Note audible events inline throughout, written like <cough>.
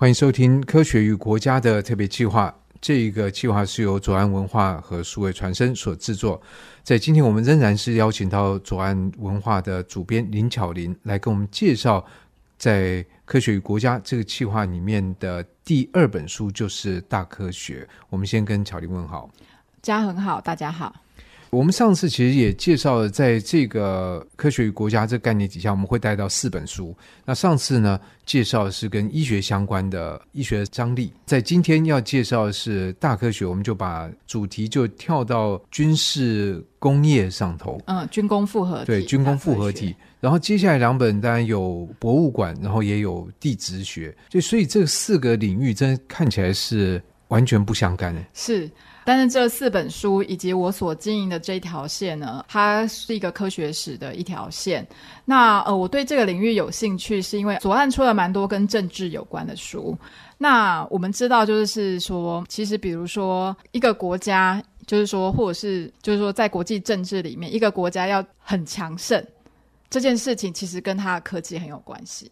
歡迎收聽《科學與國家》的特別計劃。這一個計劃是由左岸文化和數位傳聲所制作。在今天，我們仍然是邀請到左岸文化的主編林巧玲來跟我們介紹在《科學與國家》這個計劃裡面的第二本書，就是《大科學》。我們先跟巧玲問好。家恆好，大家好。我們上次其實也介紹了，在這個科學與國家這概念底下，我們會帶到四本書。那上次呢，介紹的是跟醫學相關的醫學的張力，在今天要介紹的是大科學，我們就把主題就跳到軍事工業上頭。嗯，軍工複合體，對，軍工複合體。然後接下來兩本當然有博物館，然後也有地質學。就所以這四個領域，真看起來是完全不相干的欸。是。但是這四本書以及我所經營的這一條線呢，它是一個科學史的一條線。那呃，我對這個領域有興趣，是因為左岸出了蠻多跟政治有關的書。那我們知道，就是說，其實比如說一個國家，就是說，或者是就是說，在國際政治裡面，一個國家要很強盛，這件事情其實跟它的科技很有關係。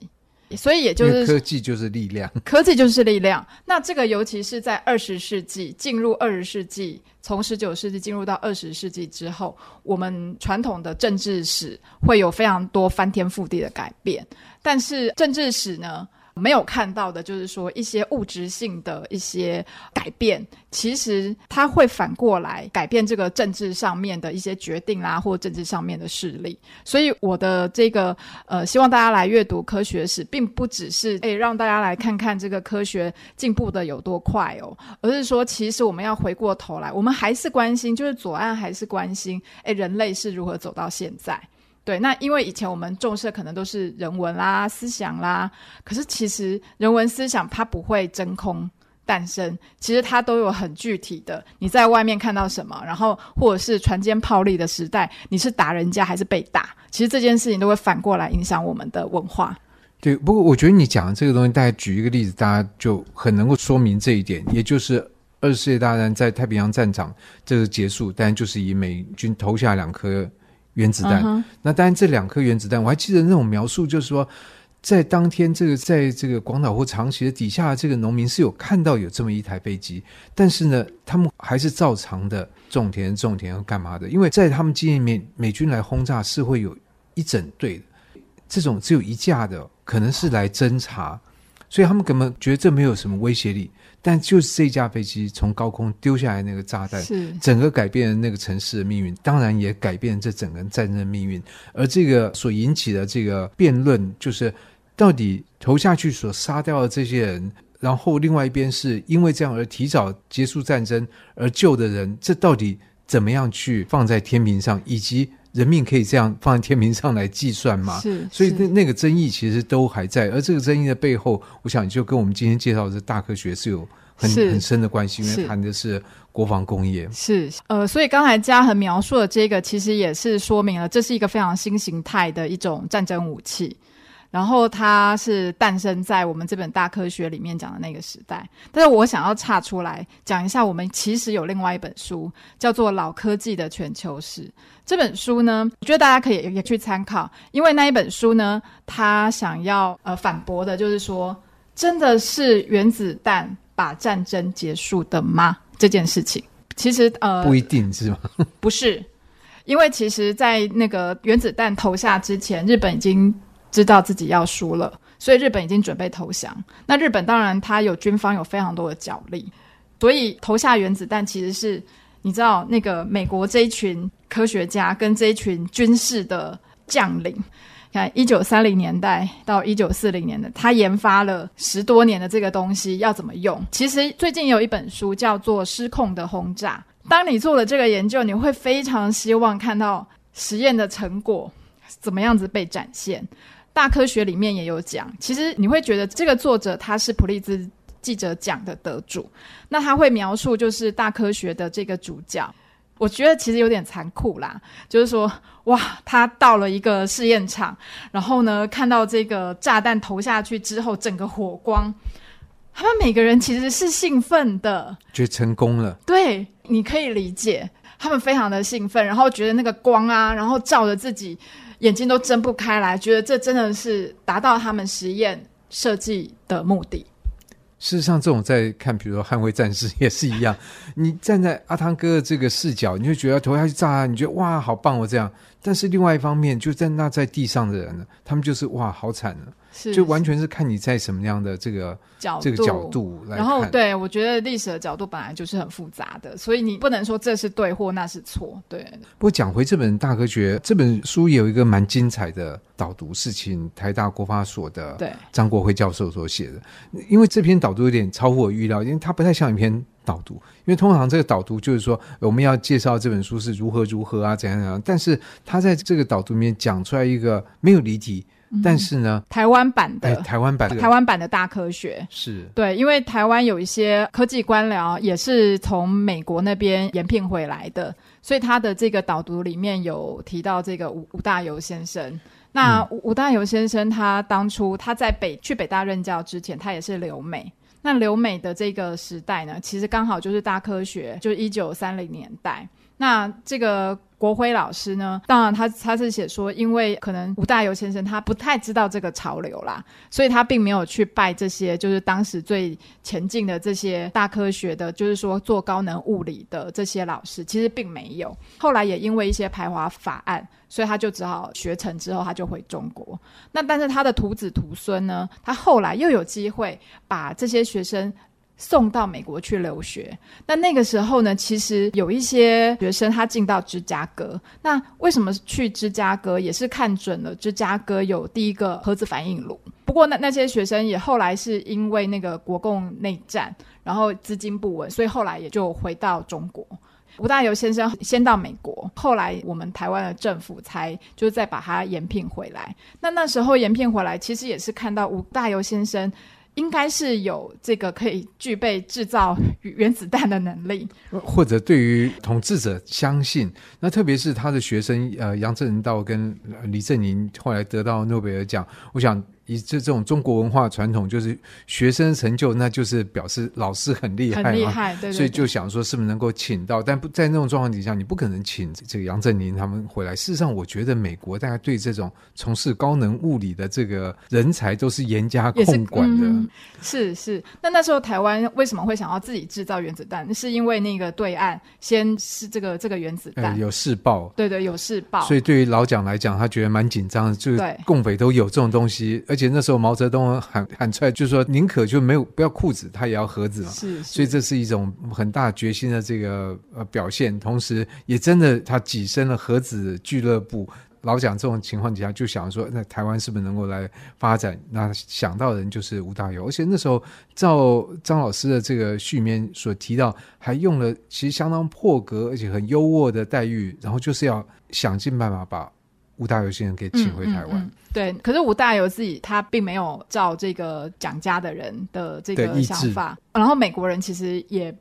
所以也就是科技就是力量，科技就是力量。那這個尤其是在二十世紀，進入二十世紀，從十九世紀進入到二十世紀之後，我們傳統的政治史會有非常多翻天覆地的改變。但是政治史呢，沒有看到的，就是說一些物質性的一些改變，其實它會反過來改變這個政治上面的一些決定啦、啊，或政治上面的勢力。所以我的這個呃，希望大家來閱讀科學史，並不只是哎、欸，讓大家來看看這個科學進步的有多快哦，而是說其實我們要回過頭來，我們還是關心，就是左岸還是關心，欸，人類是如何走到現在。對，那因為以前我們重視的可能都是人文啦、思想啦，可是其實人文思想它不會真空誕生，其實它都有很具體的。你在外面看到什麼，然後或者是船堅炮利的時代，你是打人家還是被打，其實這件事情都會反過來影響我們的文化。對，不過我覺得你講的這個東西，大家舉一個例子，大家就很能夠說明這一點，也就是二次世界大戰在太平洋戰場這個結束，當然就是以美軍投下兩顆。原子彈，uh-huh. 那當然，這兩顆原子彈，我還記得那種描述，就是說，在當天這個在這個廣島或長崎的底下，這個農民是有看到有這麼一台飛機，但是呢，他們還是照常的種田、種田要幹嘛的，因為在他們經驗裡面，美軍來轟炸是會有一整隊的，這種只有一架的，可能是來偵察。所以他們根本覺得這沒有什麼威脅力。但就是這架飛機從高空丟下來那個炸彈，整個改變了那個城市的命運，當然也改變這整個戰爭的命運。而這個所引起的這個辯論，就是到底投下去所殺掉的這些人，然後另外一邊是因為這樣而提早結束戰爭而救的人，這到底怎麼樣去放在天平上，以及。人命可以這樣放在天平上來計算嗎？是，是，所以那那個爭議其實都還在。而這個爭議的背後，我想就跟我們今天介紹的“大科學”是有很是很深的關係，因為談的是國防工業。是，是呃，所以剛才家恆描述的這個，其實也是說明了，這是一個非常新形態的一種戰爭武器。然後它是誕生在我們這本大科學裡面講的那個時代，但是我想要岔出來講一下，我們其實有另外一本書叫做《老科技的全球史》。這本書呢，我覺得大家可以也去參考，因為那一本書呢，它想要呃反駁的就是說，真的是原子彈把戰爭結束的嗎？這件事情其實呃不一定，是嗎？ <laughs> 不是，因為其實，在那個原子彈投下之前，日本已經。知道自己要輸了，所以日本已經準備投降。那日本當然，它有軍方有非常多的角力，所以投下原子彈其實是你知道那個美國這一群科學家跟這一群軍事的將領，看一九三零年代到一九四零年的他研發了十多年的這個東西要怎麼用。其實最近有一本書叫做《失控的轟炸》。當你做了這個研究，你會非常希望看到實驗的成果怎麼樣子被展現。大科學裡面也有講，其實你會覺得這個作者他是普利茲記者獎的得主，那他會描述就是大科學的這個主角，我覺得其實有點殘酷啦，就是說哇，他到了一個試驗場，然後呢，看到這個炸彈投下去之後，整個火光，他們每個人其實是興奮的，覺得成功了，對，你可以理解，他們非常的興奮，然後覺得那個光啊，然後照着自己。眼睛都睜不開來，覺得這真的是達到他們實驗設計的目的。事實上，這種在看，比如說《捍衛戰士》也是一樣， <laughs> 你站在阿湯哥這個視角，你就覺得投下去炸啊，你覺得哇，好棒哦！我這樣。但是另外一方面，就在那在地上的人呢，他們就是哇，好慘了是是，就完全是看你在什麼樣的這個角度這個角度來看。然後對，對我覺得歷史的角度本來就是很複雜的，所以你不能說這是對或那是錯。對。不過講回這本大科學這本書，也有一個蠻精彩的。導讀是請台大國發所的張國暉教授所寫的，因為這篇導讀有點超乎我預料，因為它不太像一篇導讀，因為通常這個導讀就是說、呃、我們要介紹這本書是如何如何啊怎樣怎樣，但是他在這個導讀裡面講出來一個沒有離題。但是呢，嗯、台灣版的、欸、台灣版的台灣版的大科學是，對，因為台灣有一些科技官僚也是從美國那邊延聘回來的，所以他的這個導讀裡面有提到這個吳吳大猷先生。那吳、嗯、吳大猷先生他當初他在北去北大任教之前，他也是留美。那留美的這個時代呢，其實剛好就是大科學，就是一九三零年代。那這個國暉老師呢？當然，他他是寫說，因為可能吳大猷先生他不太知道這個潮流啦，所以他並沒有去拜這些，就是當時最前進的這些大科學的，就是說做高能物理的這些老師，其實並沒有。後來也因為一些排華法案，所以他就只好學成之後他就回中國。那但是他的徒子徒孫呢？他後來又有機會把這些學生。送到美國去留學，那那個時候呢，其實有一些學生他進到芝加哥，那為什麼去芝加哥也是看準了芝加哥有第一個核子反應爐。不過那那些學生也後來是因為那個國共內戰，然後資金不穩，所以後來也就回到中國。吳大猷先生先到美國，後來我們台灣的政府才就是再把他延聘回來。那那時候延聘回來，其實也是看到吳大猷先生。應該是有這個可以具備制造原子彈的能力，或者對於統治者相信，那特別是他的學生呃楊振寧道跟李振寧後來得到諾貝爾獎，我想。以這這種中國文化傳統，就是學生成就，那就是表示老師很厲害嘛，很厲害，對對對，所以就想說是不是能夠請到，但不在那種狀況底下，你不可能請這個楊振寧他們回來。事實上，我覺得美國大概對這種從事高能物理的這個人才都是嚴加控管的。是、嗯、是，是，那那時候台灣為什麼會想要自己製造原子彈？是因為那個對岸先是這個這個原子彈有試爆，對、呃、對，有試爆，所以對於老蔣來講，他覺得蠻緊張的，就共匪都有這種東西，而且而且那時候毛澤東喊喊出來，就說寧可就沒有不要褲子，他也要核子嘛，是是。所以這是一種很大決心的這個呃表現。同時，也真的他躋身了核子俱樂部。老蔣這種情況底下，就想說，那台灣是不是能夠來發展？那想到的人就是吳大猷。而且那時候，照張老師的這個序裡面所提到，還用了其實相當破格而且很優渥的待遇，然後就是要想盡辦法把。武大猷先生給請回台灣。嗯嗯嗯，對，可是武大猷自己，他並沒有照這個蔣家的人的這個想法，然後美國人其實也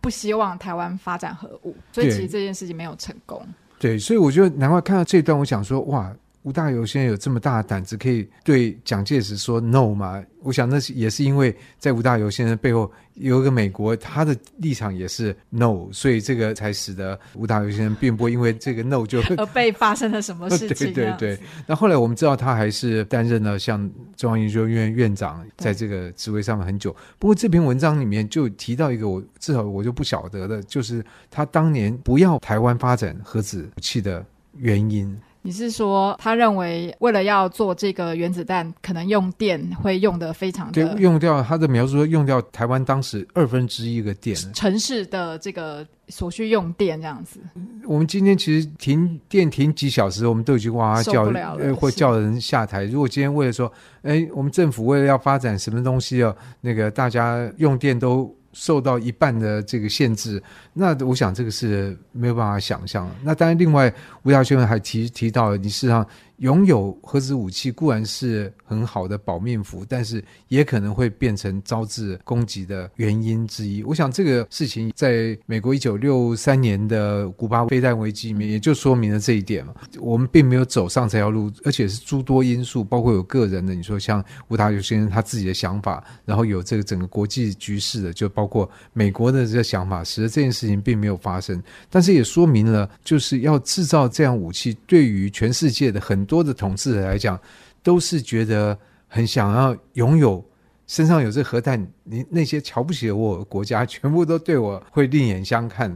不希望台灣發展核武，所以其實這件事情沒有成功。對，對所以我覺得難怪看到這一段，我想說，哇。吳大猷先生有這麼大的膽子，可以對蔣介石說 “no” 嗎？我想那是也是因為，在吳大猷先生背後有一個美國，他的立場也是 “no”，所以這個才使得吳大猷先生並不會因為這個 “no” 就 <laughs> 而被發生了什麼事情。 <laughs> 對對對。那後來我們知道，他還是擔任了像中央研究院院長，在這個職位上面很久。不過這篇文章裡面就提到一個我至少我就不曉得的，就是他當年不要台灣發展核子武器的原因。你是說，他認為為了要做這個原子彈，可能用電會用得非常的對用掉？他的描述說，用掉台灣當時二分之一個電城市的這個所需用電這樣子。嗯、我們今天其實停電停幾小時，我們都已經哇叫受不了了、呃，會叫人下台。如果今天為了說，哎，我們政府為了要發展什麼東西啊、哦，那個大家用電都。受到一半的這個限制，那我想這個是沒有辦法想象。那當然，另外吳大猷先生還提提到，你事實上擁有核子武器固然是很好的保命符，但是也可能會變成招致攻擊的原因之一。我想這個事情在美國一九六三年的古巴飛彈危機裡面，也就說明了這一點嘛。我們並沒有走上這條路，而且是諸多因素，包括有個人的，你說像吳大猷先生他自己的想法，然後有這個整個國際局勢的，就包。包括美國的這個想法，使得這件事情並沒有發生，但是也說明了，就是要製造這樣武器，對於全世界的很多的統治者來講，都是覺得很想要擁有，身上有這核彈，你那些瞧不起我的國家，全部都對我會另眼相看。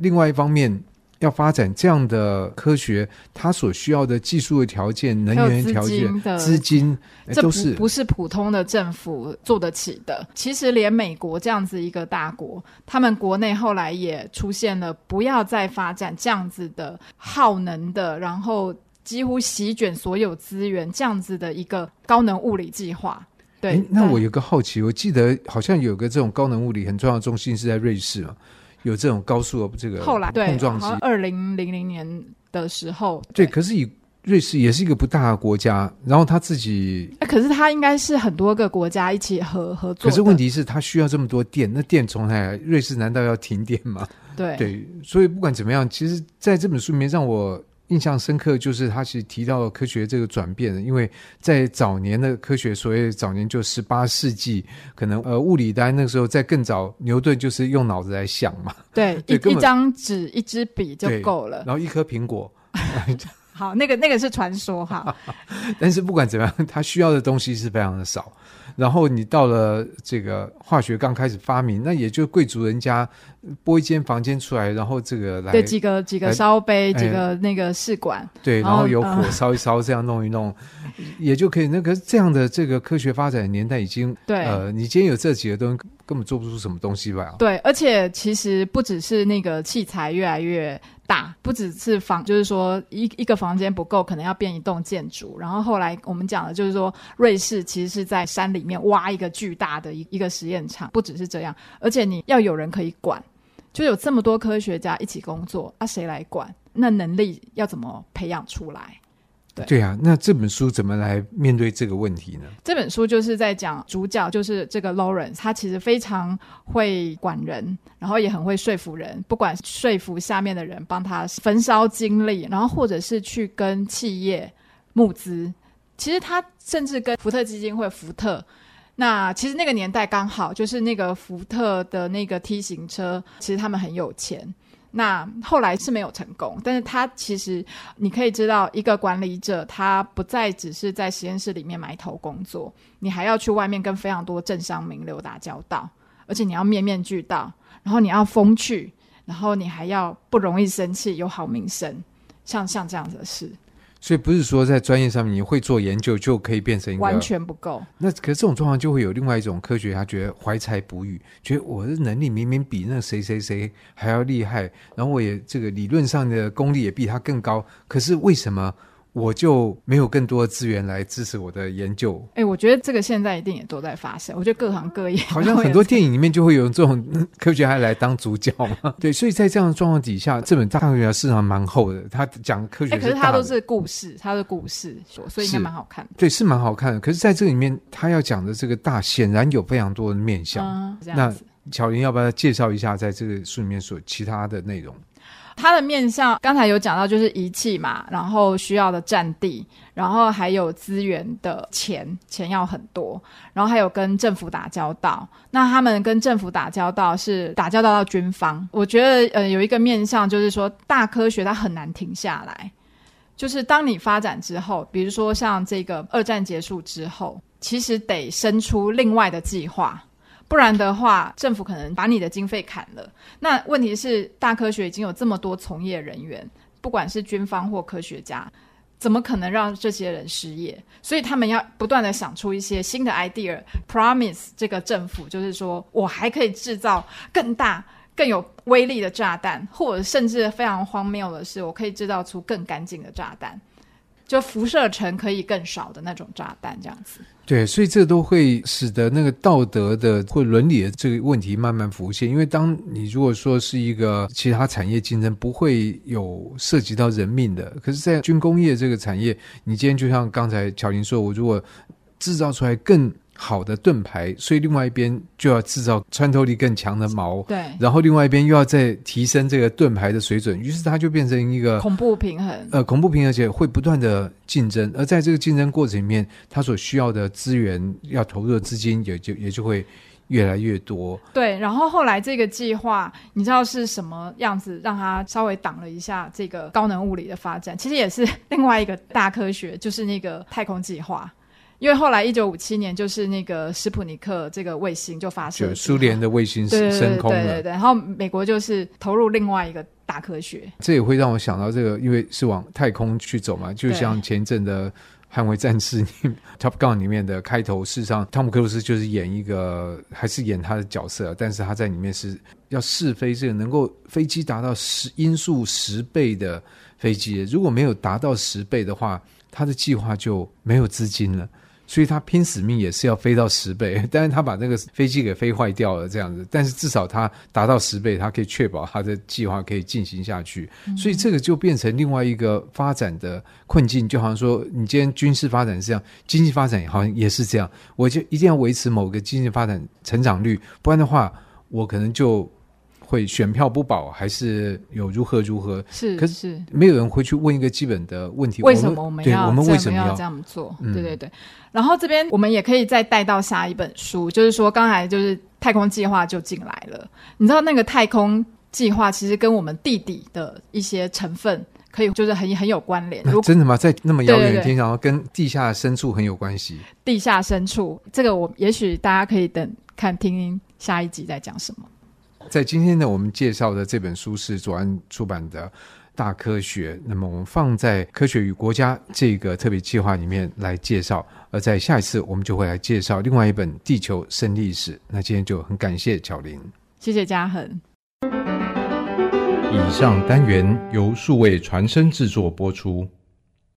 另外一方面，要發展這樣的科學，它所需要的技術的條件、能源條件、資金，金，這不是不是普通的政府做得起的。其實，連美國這樣子一個大國，他們國內後來也出現了不要再發展這樣子的耗能的，然後幾乎席卷所有資源這樣子的一個高能物理計劃。對，對，那我有個好奇，我記得好像有個這種高能物理很重要的中心是在瑞士嘛。有這種高速的這個碰撞機，對，二零零零年的時候對，對，可是以瑞士也是一個不大的國家，然後他自己，欸，可是他應該是很多個國家一起合合作，可是問題是，他需要這麼多電，那電從哪來？瑞士難道要停電嗎？對對，所以不管怎麼樣，其實在這本書裡面讓我。印象深刻就是他其實提到了科學這個轉變，因為在早年的科學，所謂早年就十八世紀，可能呃物理，單那個時候在更早，牛頓就是用腦子來想嘛，對，對一張紙一,一支筆就夠了，然後一顆蘋果， <laughs> 好，那個那個是傳說哈， <laughs> 但是不管怎麼樣，他需要的東西是非常的少，然後你到了這個化學剛開始發明，那也就貴族人家，撥一間房間出來，然後這個來對幾個幾個燒杯，幾個那個試管、哎、對，然後有火燒一燒，這樣弄一弄，嗯、也就可以那個這樣的這個科學發展的年代已經對呃，你今天有這幾個東西，根本做不出什麼東西吧？對，而且其實不只是那個器材越來越大，不只是房，就是說一一個房間不夠，可能要變一棟建築。然後後來我們講的就是說瑞士其實是在山裡面挖一個巨大的一一個實驗場，不只是這樣，而且你要有人可以管。就有這麼多科學家一起工作，啊，誰來管？那能力要怎麼培養出來？對對啊，那這本書怎麼來面對這個問題呢？這本書就是在講主角就是這個 Lawrence，他其實非常會管人，然後也很會說服人，不管說服下面的人幫他焚燒精力，然後或者是去跟企業募資。其實他甚至跟福特基金會、福特。那其實那個年代剛好就是那個福特的那個 T 型車，其實他們很有錢。那後來是沒有成功，但是他其實你可以知道，一個管理者他不再只是在實驗室裡面埋頭工作，你還要去外面跟非常多政商名流打交道，而且你要面面俱到，然後你要風趣，然後你還要不容易生氣，有好名聲，像像這樣子的事。所以不是說在專業上面你會做研究就可以變成一個完全不夠。那可是這種狀況就會有另外一種科學家覺得懷才不遇，覺得我的能力明明比那誰誰誰還要厲害，然後我也這個理論上的功力也比他更高，可是為什麼？我就沒有更多的資源來支持我的研究。哎、欸，我覺得這個現在一定也都在發生。我覺得各行各業好像很多電影裡面就會有這種 <laughs> 科學家來當主角。嘛。對，所以在這樣的狀況底下， <laughs> 這本大科學家市場蠻厚的。他講的科學、欸，可是他都是故事，他的故事所，所以應該蠻好看的。的。對，是蠻好看的。可是在這裡面，他要講的這個大顯然有非常多的面向。嗯、那巧玲要不要介紹一下在這個書裡面所其他的內容？他的面向剛才有講到，就是儀器嘛，然後需要的佔地，然後還有資源的錢，錢要很多，然後還有跟政府打交道。那他們跟政府打交道是打交道到軍方。我覺得呃有一個面向就是說，大科學它很難停下來，就是當你發展之後，比如說像這個二戰結束之後，其實得生出另外的計劃。不然的話，政府可能把你的經費砍了。那問題是，大科學已經有這麼多從業人員，不管是軍方或科學家，怎麼可能讓這些人失業？所以他們要不斷地想出一些新的 idea，promise 這個政府，就是說我還可以制造更大、更有威力的炸彈，或者甚至非常荒謬的是，我可以制造出更乾淨的炸彈。就輻射塵可以更少的那種炸彈，這樣子。對，所以這都會使得那個道德的或倫理的這個問題慢慢浮現。因為當你如果說是一個其他產業競爭不會有涉及到人命的，可是，在軍工業這個產業，你今天就像剛才巧玲說，我如果製造出來更。好的盾牌，所以另外一邊就要製造穿透力更強的矛，對，然後另外一邊又要再提升這個盾牌的水準，於是它就變成一個恐怖平衡，呃，恐怖平衡，而且會不斷的競爭，而在這個競爭過程裡面，它所需要的資源、要投入的資金也就也就會越來越多。對，然後後來這個計劃你知道是什麼樣子，讓它稍微擋了一下這個高能物理的發展，其實也是另外一個大科學，就是那個太空計劃。因為後來一九五七年就是那個斯普尼克這個衛星就發射了，蘇聯的衛星是升空了。對對對,對對對，然後美國就是投入另外一個大科學。這也會讓我想到這個，因為是往太空去走嘛，就像前一陣的《捍衛戰士》Top Gun 裡面的開頭，事實上湯姆克魯斯就是演一個還是演他的角色，但是他在裡面是要試飛這個能夠飛機達到十音速十倍的飛機，如果沒有達到十倍的話，他的計劃就沒有資金了。所以他拼死命也是要飛到十倍，但是他把那個飛機給飛壞掉了這樣子。但是至少他達到十倍，他可以確保他的計劃可以進行下去。所以這個就變成另外一個發展的困境，嗯，就好像說，你今天軍事發展是這樣，經濟發展好像也是這樣。我就一定要維持某個經濟發展成長率，不然的話，我可能就。會選票不保，還是有如何如何？是，可是沒有人會去問一個基本的問題：為什麼我們要？我們為什麼要，這樣，要這樣做，嗯。對對對。然後這邊我們也可以再帶到下一本書，就是說剛才就是太空計劃就進來了。你知道那個太空計劃其實跟我們地底的一些成分可以，就是很很有關聯，如果，啊，真的嗎？在那麼遙遠的天然後跟地下深處很有關係。地下深處，這個我也許大家可以等看聽，聽下一集再講什麼。在今天呢，我們介紹的這本書是左岸出版的《大科學》，那麼我們放在《科學與國家》這個特別計劃裡面來介紹。而在下一次，我們就會來介紹另外一本《地球生歷史》。那今天就很感謝巧玲，謝謝家恆。以上單元由數位傳聲制作播出。